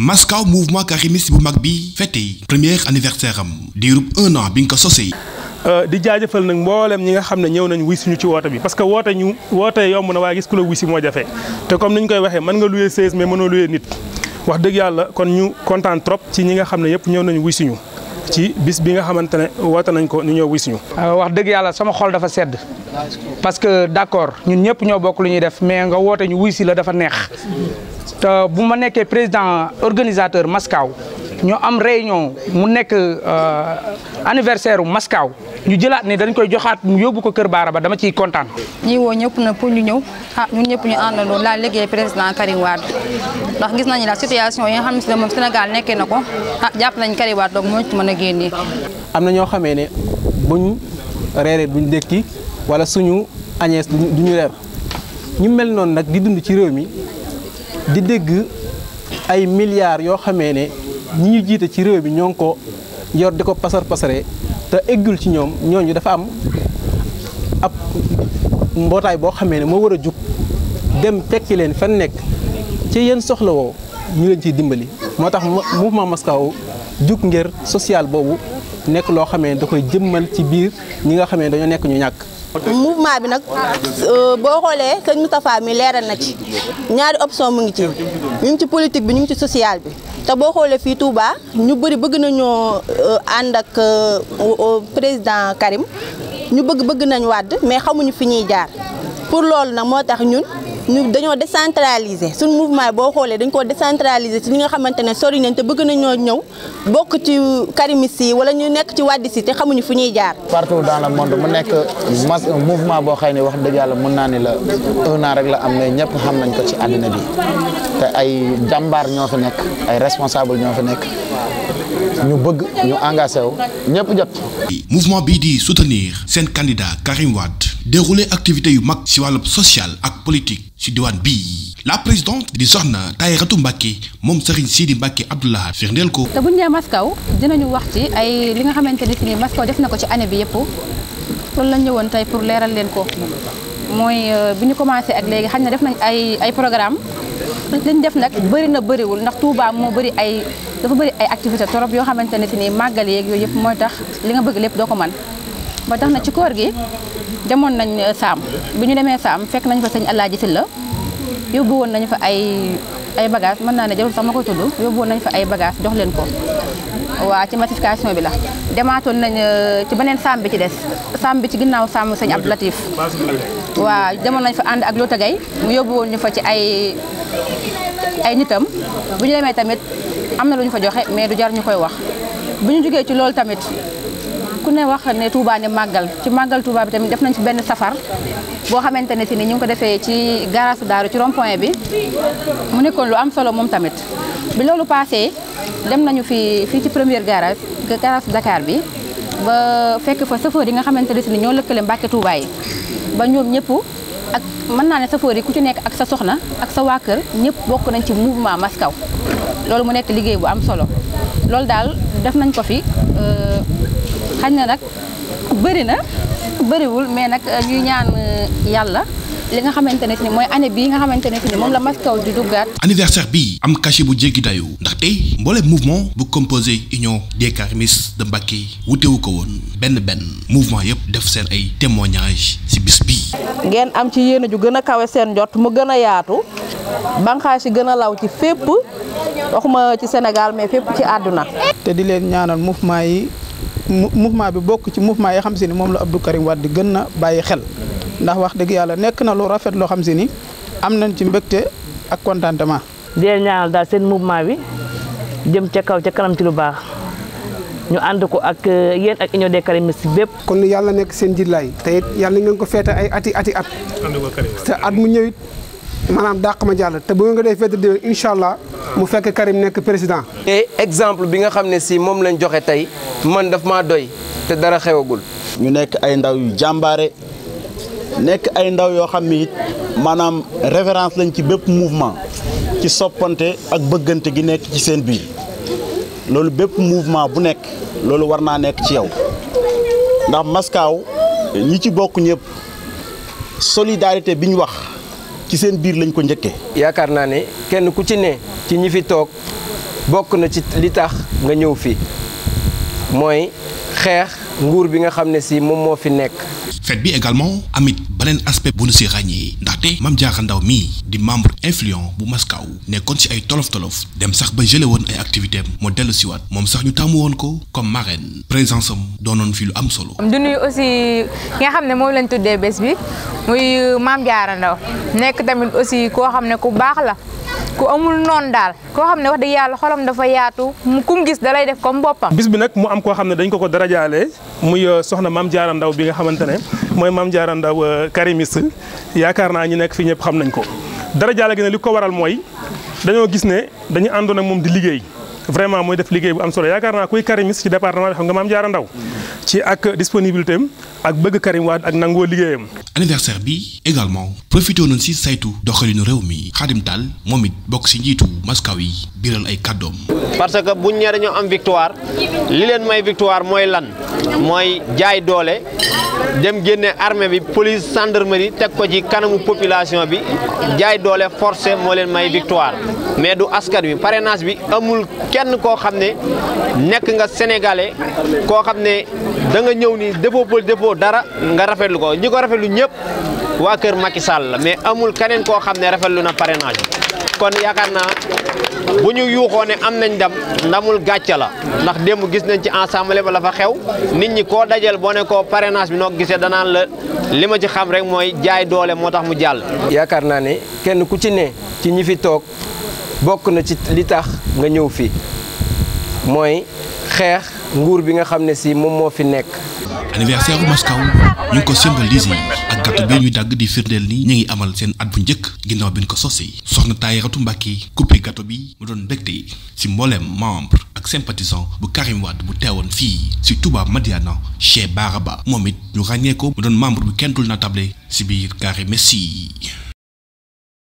Moscow mouvement karimiste bu mag bi fête yi premier anniversaire am diirub un an bi nga ko sosee. Euh, di jaajëfal nag mboolem ñi nga xam ne ñëw nañu wuy suñu ci woote bi parce que woote ñu woote yomb na waaye gis ku la wuy si moo jafe te comme ni ñu koy waxee mën nga louer 16 mais mënoo louer nit wax dëgg yàlla kon ñu kontaan trop ci ñi nga xam ne yëpp ñëw nañu wuy suñu ci bis bi nga xamante ne woote nañ ko ñu ñëw wuy suñu. Euh, wax dëgg yàlla sama xol dafa sedd parce que d'accord ñun ñëpp ñoo bokk lu ñuy def mais nga woote ñu wuy si la dafa neex. Euh, bu ma nekkee président organisateur Mascaaw ñoo am réunion mu nekk euh, anniversaire u Mascaaw ñu jëlaat ne dañ koy joxaat mu yóbbu ko Kër Baara ba dama ciy kontaan. ñi woo ñëpp na pour ñu ñëw a ah, ñun ñëpp ñu àndandoo laa liggéey président Karim ndax gis nañu la situation yi nga xam ne moom Sénégal nekkee na ko ah jàpp nañ Karim Wade donc moo ci mën a nii am na ñoo xamee ne buñ reeree duñ dëkki wala suñu añees duñu reer ñu mel noonu nag di dund ci réew mi. di dégg ay milliards yoo xamee ne ñi ñu jiite ci réew bi ñoo ngi ko yor di ko pasar pasare te eggul ci ñoom ñooñu dafa am ab mbootaay boo xamee ne moo war a jug dem tekki leen fan nekk ci yenn soxla ñu leen ciy dimbali moo tax mouvement Maskaw jug ngir social boobu nekk loo xamee da koy jëmmal ci biir ñi nga xamee dañoo nekk ñu ñàkk mouvement bi nag euh, boo xoolee sëñ Moustapha mi leeral na ci ñaari option mu ngi ci ñu ngi ci politique bi ñu ngi ci social bi te boo xoolee fii Touba ñu bëri bëgg nañoo euh, ànd ak euh, président Karim ñu bëgg bëgg nañ wàdd mais xamuñu fi ñuy jaar pour loolu nag moo tax ñun dañoo décentraliser suñu mouvement boo xoolee dañ koo décentraliser ci ñi nga xamante ne sori nañ te bëgg nañoo ñëw bokk ci Karimistes yi wala ñu nekk ci Wadis yi te xamuñu fu ñuy jaar. partout dans la monde mu nekk mas mouvement boo xëy ne wax dëgg yàlla mën naa ni la un an rek la am mais ñëpp xam nañ ko ci àddina bi te ay jàmbaar ñoo fi nekk ay responsable ñoo fi nekk. ñu bëgg ñu engagé wu ñëpp jot. mouvement bii di soutenir seen candidat Karim Wade. déroulé activité yu mag ci wàllub social ak politique ci diwaan bii la présidente di soxna Tahiratu Mbacke moom Serigne Sidi Mbacke Abdoulaye firndeel ko. te bu ñu nee Maskaw dinañu wax ci ay li nga xamante ne si nii Maskaw def na ko ci année bi yëpp loolu la ñu ñëwoon tey pour leeral leen ko mooy euh, bi ñu commencé ak léegi xam ne def nañ ay ay programme li ñu def nag bëri na bëriwul ndax Touba moo bëri ay dafa bëri ay activité trop yoo xamante ne si nii màggal yeeg yooyu yëpp mooy tax li nga bëgg lépp doo ko man ba tax na ci koor gi demoon nañ euh, saam bi ñu demee saam fekk nañ fa ji si la yóbbu woon nañ fa ay ay bagage mën naa ne jarul sax ma koy tudd yóbbu woon nañ fa ay bagage jox leen ko waa ci matification bi la demaatoon nañ euh, ci beneen saam bi ci des saam bi ci ginnaaw saam sëñ Abdou waa demoon nañ fa ànd ak Lota Gaye mu yóbbu woon ñu fa ci ay ay nitam bu ñu demee tamit am na lu ñu fa joxe mais du jar ñu koy wax bu ñu jógee ci loolu tamit ku ne wax ne Touba ne màggal ci màggal Touba bi tamit def nañ fi benn safar boo xamante ne si ni ñu ngi ko defee ci garage daaru ci rond bi mu nekkoon lu am solo moom tamit bi loolu passé dem nañu fi fii ci première garage garage dakaar bi ba fekk fa safoor yi nga xamante ne si ni ñoo lëkkale Mbàkke Touba yi ba ñoom ñëpp ak mën naa ne safoor yi ku ci nekk ak sa soxna ak sa waa kër ñëpp bokk nañ ci mouvement Maskaw loolu mu nekk liggéey bu am solo loolu daal nañ ko fi euh, xañ na nag bëri na bëriwul mais nag euh, ñuy ñaan euh, yàlla li nga xamante ne ni mooy année bii nga xamante ne ni moom la Mascaw di duggaat. anniversaire bii am cachet bu jéggi dayu ndax tey mboolem mouvement bu composé union des karimistes de Mbacké wutewu ko woon benn benn mouvement yëpp def seen ay témoignage ci bis bii. ngeen am ci yéen ju gën a kawe seen njot mu gën a yaatu banqaas yi gën a law ci fépp waxuma ci Sénégal mais fépp ci àdduna. te di mouvement bi bokk ci mouvement yi xam si ni moom la Abdou Karim Wade di gën na bàyyi xel ndax wax dëgg yàlla nekk na lu rafet loo xam si ni am nañ ci mbégte ak contentement. di leen ñaanal daal seen mouvement bi jëm ca kaw ca kanam ci lu baax ñu ànd ko ak uh, yéen ak union des karimistes bépp. kon yàlla nekk seen jillaay te it yàlla ngeen ko feete ay ati ati at. te at mu ñëw maanaam dàq ma jàll te bu nga dee fête déwén incha allah mu fekk Karim nekk président. et exemple bi nga xam ne si moom lañ joxe tey man dafa maa doy te dara xewagul. ñu nekk ay ndaw yu jàmbaare nekk ay ndaw yoo xam ni it maanaam référence lañ ci bépp mouvement ci soppante ak bëggante gi nekk ci seen biir loolu bépp mouvement bu nekk loolu war naa nekk ci yow ndax maskaw ñi ci bokk ñëpp solidarité bi ñu wax. ci seen biir lañ ko njëkkee. yaakaar naa ne kenn ku ci ne ci ñi fi toog bokk na ci li tax nga ñëw fii mooy xeex nguur bi nga xam ne si moom moo fi nekk. fête bi également amit beneen aspect bu nu si ràññee. ndaxte Mame Diarra ndaw mii di membre influent bu Mascaaw nekkoon ci ay tolof-tolof dem sax ba jële woon ay activité moo dellu siwaat moom sax ñu tàmm woon ko comme marraine présence am doonoon fi lu am solo di nuyu aussi nga xam ne moom lañ tuddee bés bi muy Mame Diarra Ndao nekk tamit aussi koo xam ne ku baax la ku amul noonu daal koo xam ne wax dëgg yàlla xolam dafa yaatu mu kum gis dalay def comme boppam. bis bi nag mu am koo xam ne dañ ko ko darajaalee muy euh, soxna maam Diarra Ndaw bi nga xamante ne mooy maam Diarra Ndaw euh, karimiste yaakaar naa ñu nekk fi ñëpp xam nañ ko darajaale gi ne li ko waral mooy dañoo gis ne dañu àndoon moom di liggéey. vraiment mooy def liggéey bu am solo yaakaar naa kuy karimiste ci département bi xam nga maam Diarra Ndaw ci ak disponibilité ak bëgg Karim Wade ak nangoo liggéeyam. anniversaire bi également profité nañ si saytu doxalinu réew mi Khadim Tall moom it bokk si njiitu maskaw yi biral ay kàddoom. parce que buñ ñëwee dañoo am victoire li leen may victoire mooy lan mooy jaay doole dem génne armée bi police gendarmerie teg ko ci kanamu population bi jaay doole forcé moo leen may victoire mais du askan wi parrainage bi amul kenn koo xam ne nekk nga sénégalais koo xam ne da ñëw ni defoo pol defoo defoo dara nga rafetlu ko ñi ko rafetlu ñëpp waa kër Macky Sall la mais amul keneen koo xam ne rafetlu na parrainage kon yaakaar naa bu ñu yuuxoo ne am nañ ndam ndamul gàcce la ndax démb gis nañ ci ensemble ba la fa xew nit ñi koo dajal boo ne koo parrainage bi noo gisee danaan la li ma ci xam rek mooy jaay doole moo tax mu jàll. yaakaar naa ne kenn ku ci ne ci ñi fi toog bokk na ci li tax nga ñëw fii mooy xeex nguur bi nga xam ne si moom moo fi nekk. anniversaire Moscow ñu ngi ko symboliser ak gâteau bi ñuy dagg di firndeel ni ñu ngi amal seen at bu njëkk ginnaaw bi ñu ko sosee soxna tay Tayratu Mbàkke coupé gâteau bi mu doon mbégte ci mbooleem membre ak sympathisant bu Karim Wade bu teewoon fii ci Touba Madiana chez Baraba moom it ñu ràññee ko mu doon membre bu kenn dul natable ci biir carré Messi